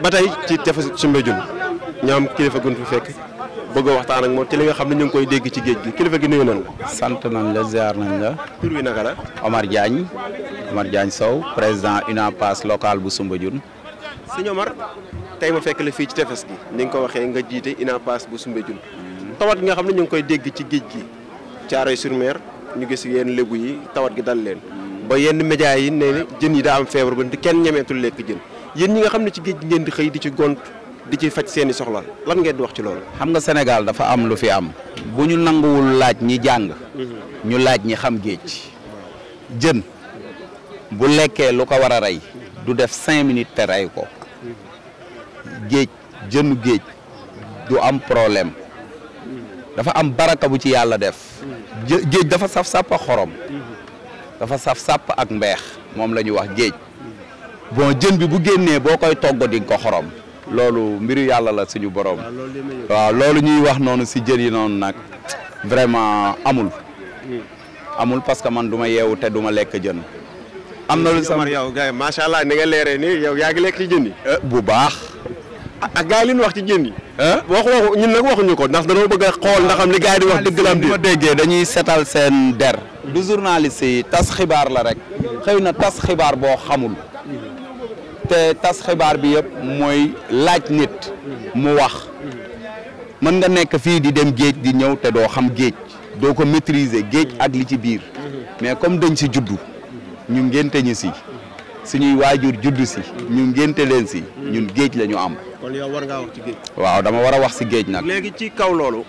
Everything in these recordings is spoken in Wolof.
ba tey ci tefes Soumbédioune ñaam am kilifa gun fu fekk bëgg waxtaan ak moom ci li nga xam ne ñu ngi koy dégg ci géej gi kilifa gi nuyu nañ la. sant nan la ziar nañ la. tur wi naka la. Omar Diagne Omar Diagne Sow président UNAPAS local bu Soumbédioune. sëñ Omar tey ma fekk la fii ci tefes gi ni nga ko waxee nga jiite UNAPAS bu Soumbédioune. Mm-hmm. tawat gi nga xam ne ñu ngi koy dégg ci géej gi. caaroy sur mer ñu gis yenn lébu yi tawat gi dal leen. Mm-hmm. ba yenn média yi ne jën yi daa am feebar ba kenn ñemeetul lekk jën. yéen ñi nga xam ne ci géej gi ngeen di xëy di ci gont di ci faj seeni soxla lan ngeen di wax ci loolu. xam nga senegal dafa am lu fi am. bu ñu nanguwul laaj ñi jàng. ñu laaj ñi xam géej. jën bu lekkee lu ko war a rey. du def cinq minutes te rey ko. géej jën géej du am problème. dafa am baraka bu ci yàlla def. géej dafa saf sàpp ak xorom. dafa saf sàpp ak mbeex moom la wax géej. bon jën bi bu génnee boo koy togg di nga ko xorom loolu mbiru yàlla la suñu borom. waaw loolu ñuy wax noonu si jën yi noonu nag vraiment amul. Hmm. amul parce que man du ma yeewu te duma lekk jën. am na lu sama yow gars yi allah ni nga leeree nii yow yaa lekk ci jën yi. Eh, bu baax. ak ah, ah, gars yi li nu wax ci jën yi. Eh? wax waxu ñu nag waxuñu ko ndax dañoo bëgg xool ndaxam am li gars yi di wax dëgg la di ma déggee dañuy setal seen der. du journaliste si tas xibaar la rek. Hmm. xëy na tas xibaar boo xamul. te tas xibaar bi yëpp mooy laaj nit mu wax mën nga nekk fii di dem géej di ñëw te doo xam géej doo ko maîtriser géej ak li ci biir mais comme dañ si juddu ñu ngénte ñu si suñuy waajur juddu si ñu ngénte leen si ñun géej lañu am. kon war ngaa ci géej. waaw dama war a wax si géej nag. léegi ci kaw loolu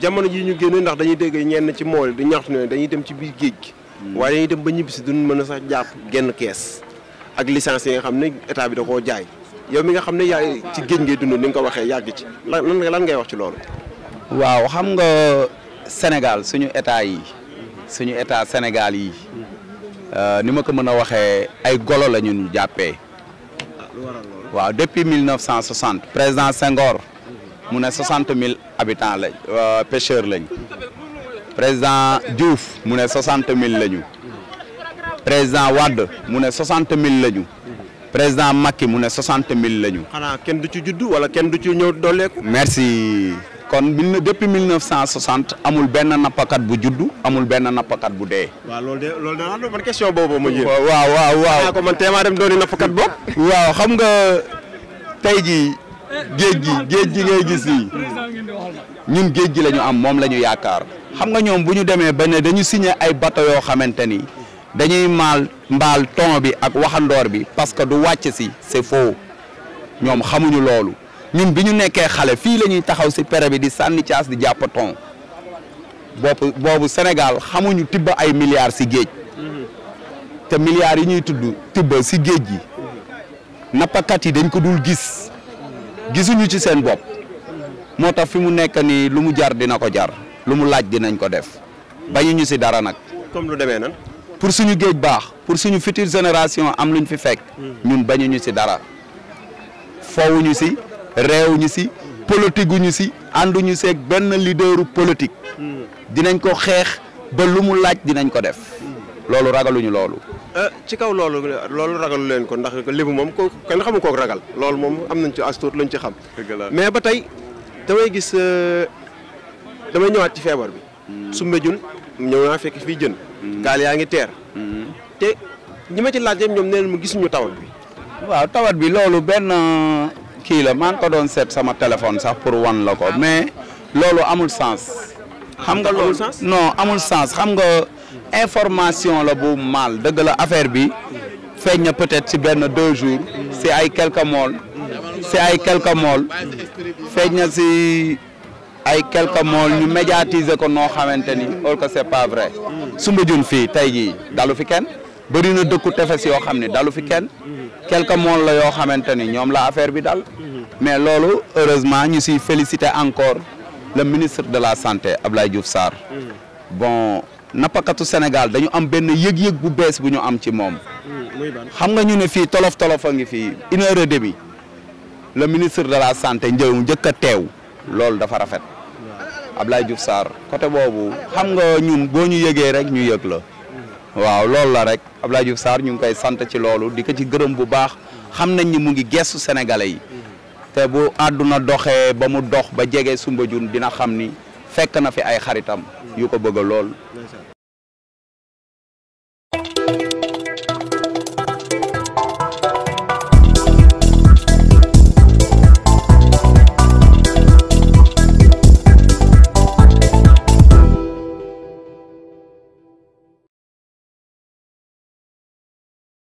jamono ji ñu génn ndax dañuy dégg ñenn ci mool di ñaxtu ne dañuy dem ci biir géej gi. Hmm. waaye dañuy dem ba ñibbisi duñ mën a sax jàpp genn kees. ak licence yi nga xam ne état bi da koo jaay yow mi nga xam ne yaay ci géej ngay dund ni nga ko waxee yàgg ci lan lan ngay wax ci loolu. waaw xam nga Sénégal suñu état yi suñu état Sénégal yi euh, ni ma ko mën a waxee ay golo la ñun jàppee. waaw depuis 1960 président Senghor mu ne 60 000 habitants lañ euh, pêcheurs lañ président Diouf mu ne 60 mille lañu. président Wade mu ne soixante mille la ñu. président Macky mu ne soixante mille la ñu. xanaa kenn du ci juddu wala kenn du ci ñëw dooleeku. merci kon mille depuis mille neuf cent soixante amul benn nappakat bu juddu amul benn nappakat bu dee. waaw loolu de boobu ma waaw waaw waaw ko man teemaa dem dooni nappakat boobu. waaw xam nga tey jii géej gi géej gi ngay gis nii ñun géej gi lañu am moom la ñu yaakaar xam nga ñoom bu ñu demee ba ne dañu signé ay bateau yoo xamante ni. dañuy maal mbaal ton bi ak waxandoor bi parce que du wàcc si c'est faux ñoom xamuñu loolu ñun bi ñu nekkee xale fii la ñuy taxaw si pere bi di sànni caas di jàpp ton bopp boobu Sénégal xamuñu tibb ay milliards si géej te milliards yi ñuy tudd tibb si géej gi nappakat yi dañ ko dul gis gisuñu ci seen bopp moo tax fi mu nekk nii lu mu jar dina ko jar lu mu laaj dinañ ko def bañuñu si dara nag. lu demee nan. pour suñu géej baax pour suñu fitir génération am luñ fi fekk ñun bañuñu si dara fowuñu si réewuñu si politique uñu si ànduñu seeg benn leaderu politique dinañ ko xeex ba lu mu laaj dinañ ko def loolu ragaluñu loolu euh, ci kaw loolu loolu ragalu leen ko ndax libu moom ko kenn xamu kook ragal loolu moom am nañ ci astuut lañ ci xam mais ba tey damay gis euh, damay ñëwaat ci feebar bi hmm. Soumbédioune ñëw naa fekk fii jën. Mm-hmm. gaal yaa ngi teer. Mm-hmm. te ñi ma ci laaj yëpp ñoom nee mu gisuñu tawat bi. waaw tawat bi loolu benn uh, kii la maa ngi ko doon seet sama téléphone sax pour wan la ko ah. mais loolu amul sens. xam nga ah, loolu non amul sens xam nga information la bu mal dëgg la affaire bi feeñ na peut-être ci benn deux jours. Mm-hmm. si ay quelques mool. si ay quelques mool feeñ na si. ay quelques mois ñu médiatiser ko noo xamante ni alors que c'est pas vrai Soumbédioune fii tey jii dalu fi kenn bëri na dëkku tefes yoo xam ne dalu fi kenn quelque mois la yoo xamante ni ñoom la affaire bi dal mais loolu heureusement ñu si féliciter encore le ministre de la santé Abdoulaye Diouf Sarr bon nappakatu Sénégal dañu am benn yëg-yëg bu bees bu ñu am ci moom xam nga ñu ne fii tolof tolof a ngi fii une heure et demie le ministre de la santé njëw njëkk a teew loolu dafa rafet Ablaye Diouf Sarr côté boobu xam nga ñun boo ñu yëgee rek ñu yëg la waaw loolu la rek Ablaye Diouf saar ñu ngi koy sant ci loolu di ko ci gërëm bu baax xam nañ ni mu ngi gestu sénégalais yi te bu àdduna doxee ba mu dox ba jege Soumbédioune dina xam ni fekk na fi ay xaritam yu ko bëgg lool